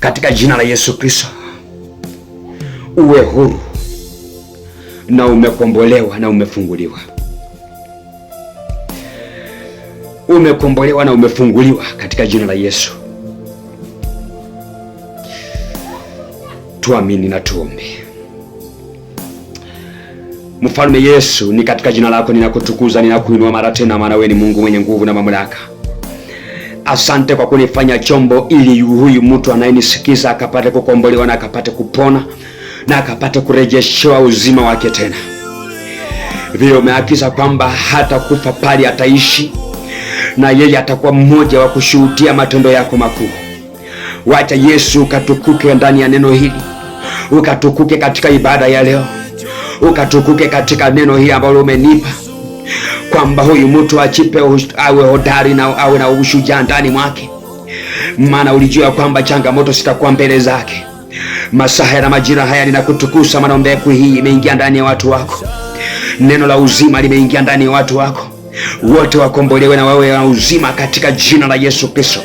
Katika jina la Yesu Kristo, uwe huru na umekombolewa na umefunguliwa, umekombolewa na umefunguliwa katika jina la Yesu. Tuamini na tuombe. Mfalme Yesu, ni katika jina lako ninakutukuza, ninakuinua mara tena, maana wewe ni Mungu mwenye nguvu na mamlaka. Asante kwa kunifanya chombo ili huyu mtu anayenisikiza akapate kukombolewa na akapate kupona na akapate kurejeshewa uzima wake tena. Vile umeagiza kwamba hata kufa pale ataishi, na yeye atakuwa mmoja wa kushuhudia matendo yako makuu. Wacha Yesu ukatukuke ndani ya neno hili, ukatukuke katika ibada ya leo, ukatukuke katika neno hili ambalo umenipa kwamba huyu mtu achipe awe hodari na awe na ushujaa ndani mwake, maana ulijua kwamba changamoto zitakuwa mbele zake. Masaha na majira haya ninakutukusa, maana mbegu hii imeingia ndani ya watu wako, neno la uzima limeingia ndani ya watu wako, wote wakombolewe na wawe na uzima katika jina la Yesu Kristo.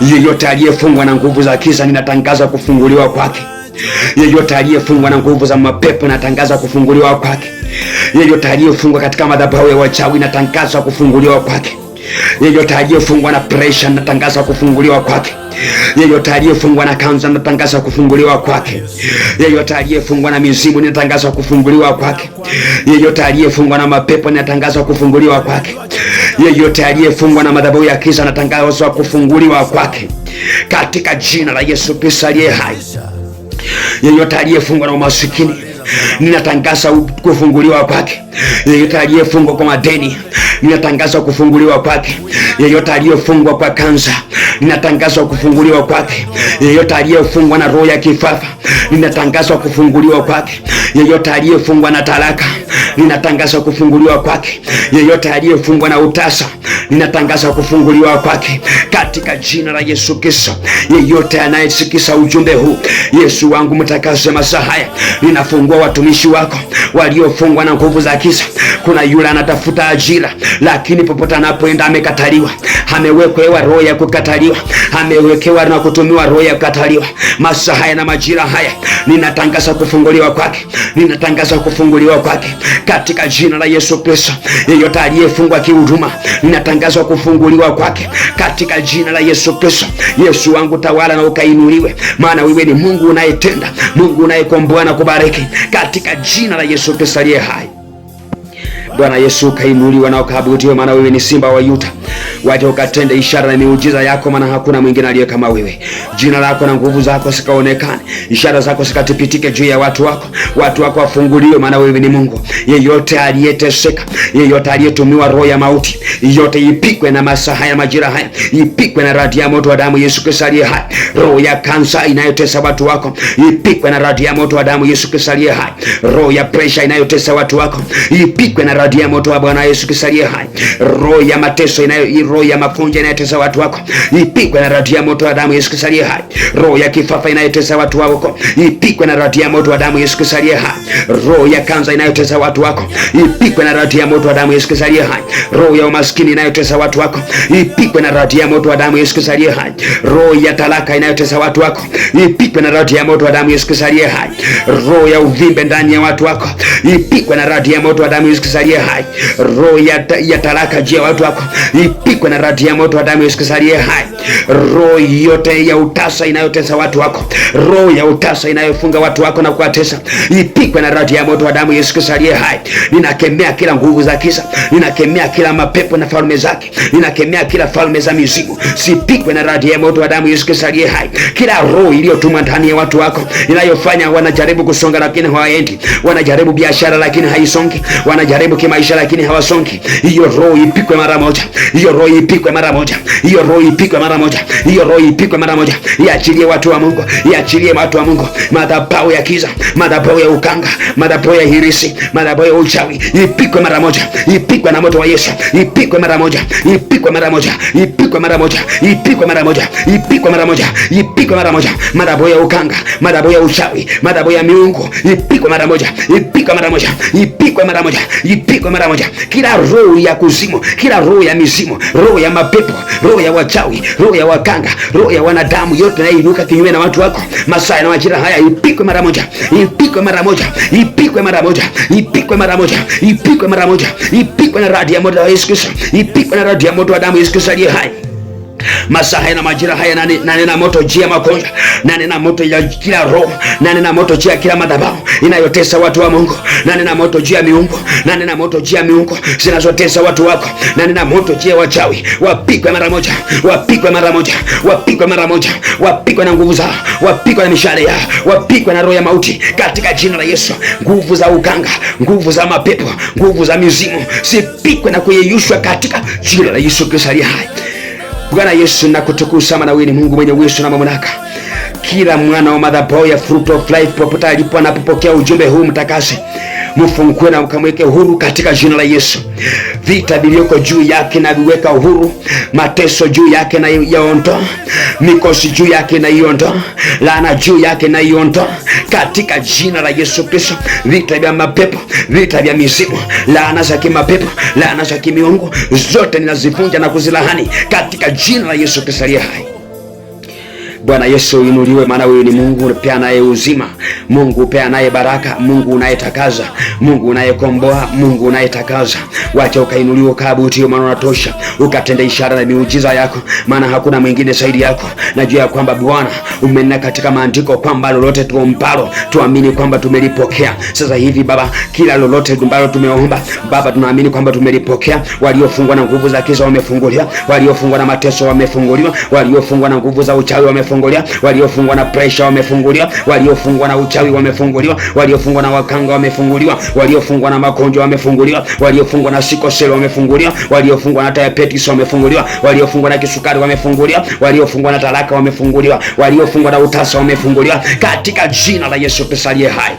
Yeyote aliyefungwa na nguvu za kiza, ninatangaza kufunguliwa kwake yeyote aliyefungwa na nguvu za mapepo natangazwa kufunguliwa kwake. Yeyote aliyefungwa katika madhabahu ya wachawi natangazwa kufunguliwa kwake. Yeyote aliyefungwa na pressure natangazwa kufunguliwa kwake. Yeyote aliyefungwa na kanza natangazwa kufunguliwa kwake. Yeyote aliyefungwa na mizimu natangazwa kufunguliwa kwake. Yeyote aliyefungwa na mapepo natangazwa kufunguliwa kwake. Yeyote aliyefungwa na madhabahu ya kisa natangazwa kufunguliwa kwake, katika jina la Yesu Kristo aliye hai yeyote aliyefungwa na umasikini Ninatangaza kufunguliwa kwake. Yeyote aliyefungwa kwa madeni, ninatangaza kufunguliwa kwake. Yeyote aliyefungwa kwa kansa, ninatangaza kufunguliwa kwake. Yeyote aliyefungwa na roho ya kifafa, ninatangaza kufunguliwa kwake. Yeyote aliyefungwa na talaka, ninatangaza kufunguliwa kwake. Yeyote aliyefungwa na utasa, ninatangaza kufunguliwa kwake katika jina la Yesu Kristo. Yeyote anayesikisa ujumbe huu, Yesu wangu mtakase masahaya, ninafungua wa watumishi wako waliofungwa na nguvu za kisa. Kuna yule anatafuta ajira, lakini popote anapoenda amekataliwa amewekewa roho ya kukataliwa, amewekewa na kutumiwa roho ya kukataliwa. Masa haya na majira haya ninatangaza kufunguliwa kwake, ninatangaza kufunguliwa kwake katika jina la Yesu Kristo. Yeyote aliyefungwa kihuduma, ninatangaza kufunguliwa kwake katika jina la Yesu Kristo. Yesu wangu, tawala na ukainuliwe, maana wewe ni Mungu unayetenda, Mungu unayekomboa na kubariki katika jina la Yesu Kristo aliye hai. Bwana Yesu ukainuliwe na ukaabudhiwe, maana wewe ni simba wa Yuda wacha ukatende ishara na miujiza yako, maana hakuna mwingine aliye kama wewe. Jina lako na nguvu zako sikaonekane, ishara zako sikatipitike juu ya watu wako, watu wako wafunguliwe, maana wewe ni Mungu. Yeyote aliyeteseka, yeyote aliyetumiwa roho ya mauti, yote ipikwe na masaha ya majira haya, ipikwe na radi ya moto wa damu Yesu Kristo aliye hai. Roho ya kansa inayotesa watu wako, ipikwe na radi ya moto wa damu Yesu Kristo aliye hai. Roho ya presha inayotesa watu wako, ipikwe na radi ya moto wa Bwana Yesu Kristo aliye hai. Roho ya mateso ina hii roho ya mafunjo inayotesa watu wako ipigwe na radi ya moto wa damu Yesu Kristo aliye hai. Roho ya kifafa inayotesa watu wako ipikwe na rati ya moto wa damu Yesu Kristo aliye hai. Roho ya kanza inayotesa watu wako ipikwe na rati ya moto wa damu Yesu Kristo aliye hai. Roho ya umaskini inayotesa watu wako ipikwe na rati ya moto wa damu Yesu Kristo aliye hai. Roho ya talaka inayotesa watu wako ipikwe na rati ya moto wa damu Yesu Kristo aliye hai. Roho ya uvimbe ndani ya watu wako ipikwe na rati ya moto wa damu Yesu Kristo aliye hai. Roho ya, ya talaka juu ya watu wako ipikwe na rati ya moto wa damu Yesu Kristo aliye hai. Roho yote ya utasa inayotesa watu wako, roho ya utasa inayo aliyefunga watu wako na kuwatesa ipikwe na radi ya moto wa damu Yesu Kristo aliye hai. Ninakemea kila nguvu za kisa, ninakemea kila mapepo na falme zake, ninakemea kila falme za mizimu, sipikwe na radi ya moto wa damu Yesu Kristo aliye hai. Kila roho iliyotumwa ndani ya watu wako inayofanya wanajaribu kusonga lakini hawaendi, wanajaribu biashara lakini haisongi, wanajaribu kimaisha lakini hawasongi, hiyo roho ipikwe mara moja, hiyo roho ipikwe mara moja, hiyo roho ipikwe mara moja, hiyo roho ipikwe mara moja, iachilie watu wa Mungu, iachilie watu wa Mungu Ma madhabau ya kiza, madhabau ya ukanga, madhabau ya hirisi, madhabau ya uchawi ipikwe mara moja, ipikwe na moto wa Yesu, ipikwe mara moja, ipikwe mara moja, ipikwe mara moja, ipikwe mara moja, ipikwe mara moja, ipikwe mara moja, madhabau ya ukanga, madhabau ya uchawi, madhabau ya miungu ipikwe mara moja, ipikwe mara moja, ipikwe mara moja, ipikwe mara moja, kila roho ya kuzimu, kila roho ya mizimu, roho ya mapepo, roho ya wachawi, roho ya wakanga, roho ya wanadamu, yote na inuka kinyume na watu wako masaa na majira haya Ipikwe mara moja, ipikwe mara moja, ipikwe mara moja, ipikwe mara moja, ipikwe mara moja, ipikwe na radi ya moto wa Yesu Kristo, ipikwe na radi ya moto wa damu Yesu Kristo aliye hai masaa haya na majira haya, nani na moto juu ya magonjwa, na moto ya kila roho, nani na moto juu ya kila madhabahu inayotesa watu wa Mungu, nani na moto juu ya miungu, nani na moto juu ya miungu zinazotesa watu wako, nani na moto juu ya wachawi, wapikwe mara moja, wapikwe mara moja, wapikwe mara moja, wapikwe na nguvu zao, wapikwe na mishale yao, wapikwe na roho ya mauti katika jina la Yesu. Nguvu za uganga, nguvu za mapepo, nguvu za mizimu zipikwe na kuyeyushwa katika jina la Yesu Kristo aliye hai. Bwana Yesu nakutukuza maana na wewe ni Mungu mwenye uwezo na mamlaka. Kila mwana wa madhabahu ya Fruit of Life popote alipo anapopokea ujumbe huu mtakase mfumukue na ukamweke huru katika jina la Yesu. Vita vilivyoko juu yake na viweka huru, mateso juu yake na yaonto, mikosi juu yake na yaonto, laana juu yake na yaonto katika jina la Yesu Kristo. Vita vya mapepo, vita vya mizimu, laana za kimapepo, laana za kimiungu zote ninazivunja na kuzilahani katika jina la Yesu Kristo aliye hai. Bwana Yesu uinuliwe, maana wewe ni Mungu pia naye uzima, Mungu pia naye baraka, Mungu unayetakaza, Mungu unayekomboa, Mungu unayetakaza. Wacha ukainuliwe kabuti, maana unatosha, ukatenda ishara na miujiza yako, maana hakuna mwingine zaidi yako. Najua ya kwamba Bwana umenena katika maandiko kwamba lolote tuombalo tuamini kwamba tumelipokea. Sasa hivi Baba, kila lolote ambalo tumeomba Baba, tunaamini kwamba tumelipokea. Waliofungwa na nguvu za kiza wamefunguliwa, waliofungwa na mateso wamefunguliwa, waliofungwa na nguvu za uchawi wamefungulia wamefunguliwa, waliofungwa na presha wamefunguliwa, waliofungwa na uchawi wamefunguliwa, waliofungwa na wakanga wamefunguliwa, waliofungwa na makonjo wamefunguliwa, waliofungwa na sikoseli wamefunguliwa, waliofungwa na diabetes wamefunguliwa, waliofungwa na kisukari wamefunguliwa, waliofungwa na talaka wamefunguliwa, waliofungwa na utasa wamefunguliwa, katika jina la Yesu Kristo aliye hai.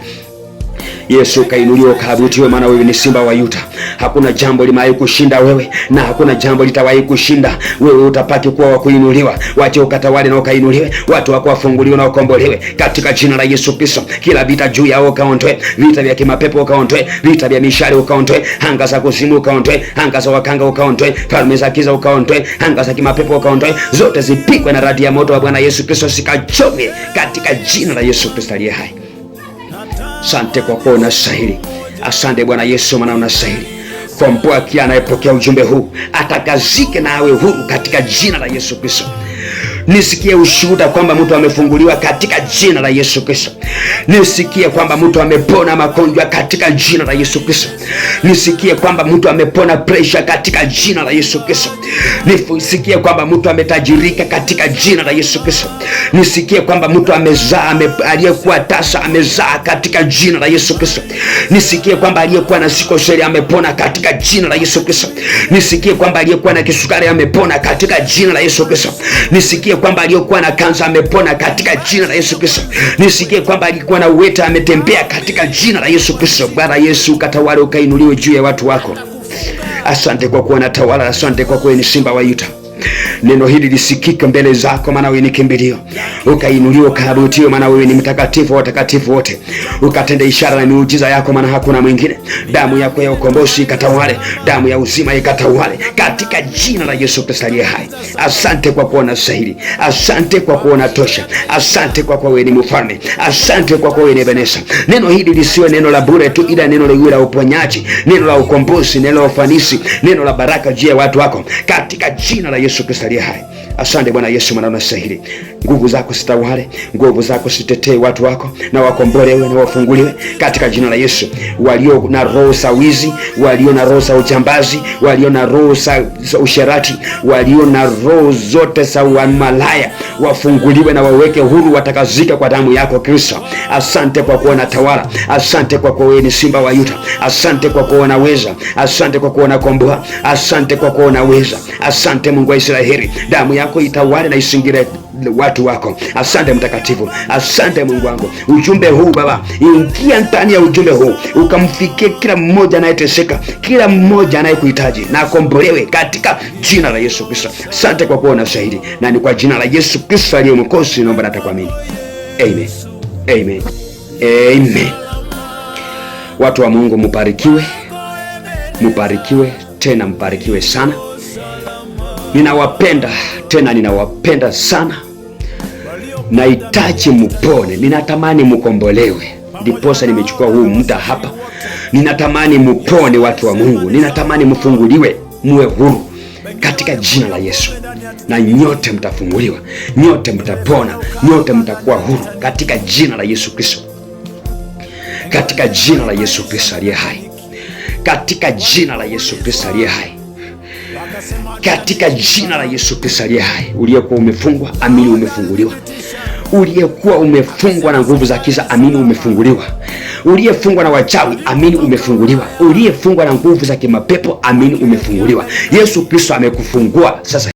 Yesu kainuliwa ukaabutiwe, maana wewe ni simba wa Yuda. Hakuna jambo limewahi kushinda wewe na hakuna jambo litawahi kushinda wewe. Utapaki kuwa wa kuinuliwa, wache ukatawale na ukainuliwe, watu wako wafunguliwe na ukombolewe katika jina la Yesu Kristo. Kila vita juu yao ukaondoe, vita vya kimapepo ukaondoe, vita vya mishale ukaondoe, anga za kuzimu ukaondoe, anga za wakanga ukaondoe, falme za kiza ukaondoe, anga za kimapepo ukaondoe, zote zipikwe na radi ya moto wa Bwana Yesu Kristo, sikachome katika jina la Yesu Kristo aliye hai. Asante kwa kuwa unastahili. Asante Bwana Yesu, maana unastahili. mpoa. kila anayepokea ujumbe huu, atakazike na awe huru katika jina la Yesu Kristo nisikie ushuhuda kwamba mtu amefunguliwa katika jina la Yesu Kristo. Nisikie kwamba mtu amepona magonjwa katika jina la Yesu Kristo. Nisikie kwamba mtu amepona pressure katika jina la Yesu Kristo. Nisikie kwamba mtu ametajirika katika jina la Yesu Kristo. Nisikie kwamba mtu amezaa ame, aliyekuwa tasa amezaa katika jina la Yesu Kristo. Nisikie kwamba aliyekuwa na sikoseli amepona katika jina la Yesu Kristo. Nisikie kwamba aliyekuwa na kisukari amepona katika jina la Yesu Kristo. Nisikie kwamba aliyokuwa na kansa amepona katika jina la Yesu Kristo. Nisikie kwamba alikuwa na uweta ametembea katika jina la Yesu Kristo. Bwana Yesu, ukatawale ukainuliwe juu ya watu wako. Asante kwa kuwa na tawala, asante kwa kuwa ni simba wa Yuta. Neno hili lisikike mbele zako, maana wewe ni kimbilio. Ukainuliwe ukaabutiwe, maana wewe ni mtakatifu watakatifu wote. Ukatenda ishara na miujiza yako, maana hakuna mwingine. Damu yako ya ukombozi ikatawale, damu ya uzima ikatawale katika jina la Yesu Kristo aliye hai. Asante kwa kuona sahili, asante kwa kuona tosha, asante kwa kuwa wewe ni mfalme, asante kwa kuwa wewe ni Neno hili lisiwe neno la bure tu, ila neno liwe la uponyaji, neno la ukombozi, neno la ufanisi, neno la baraka juu ya watu wako katika jina la Yesu Kristo aliye hai. Asante Bwana Yesu, maana sahili. Nguvu zako zitawale, nguvu zako zitetee watu wako, na wakombolewe na wafunguliwe katika jina la Yesu. Walio na roho za wizi, walio na roho za ujambazi, walio na roho za usherati, walio na roho zote za umalaya wafunguliwe na waweke huru, watakazika kwa damu yako Kristo. Asante kwa kuona tawala, asante kwa kuwa wewe ni simba wa Yuta, asante kwa kuona weza, asante kwa kuona komboa, asante kwa kuona weza, Asante Mungu wa Israeli, damu yako itawale na isingire watu wako. Asante Mtakatifu, asante Mungu wangu. Ujumbe huu Baba, ingia ndani ya ujumbe huu ukamfikie kila mmoja anayeteseka, kila mmoja anayekuhitaji na akombolewe katika jina la Yesu Kristo. Asante kwa kuwa unashahidi, na ni kwa jina la Yesu Kristo aliye Mwokozi naomba na natakuamini. Amen. Amen. Amen. Watu wa Mungu, mubarikiwe, mubarikiwe tena, mbarikiwe sana. Ninawapenda tena, ninawapenda sana nahitaji mupone, ninatamani mukombolewe. Ndiposa nimechukua huu muda hapa, ninatamani mupone, watu wa Mungu, ninatamani mfunguliwe, muwe huru katika jina la Yesu, na nyote mtafunguliwa, nyote mtapona, nyote mtakuwa huru katika jina la Yesu Kristo, katika jina la Yesu Kristo aliye hai, katika jina la Yesu Kristo aliye hai katika jina la Yesu Kristo aliye hai. Uliyekuwa umefungwa, amini umefunguliwa. Uliyekuwa umefungwa na nguvu za kiza amini umefunguliwa. Uliyefungwa na wachawi, amini umefunguliwa. Uliyefungwa na nguvu za kimapepo, amini umefunguliwa. Yesu Kristo amekufungua sasa.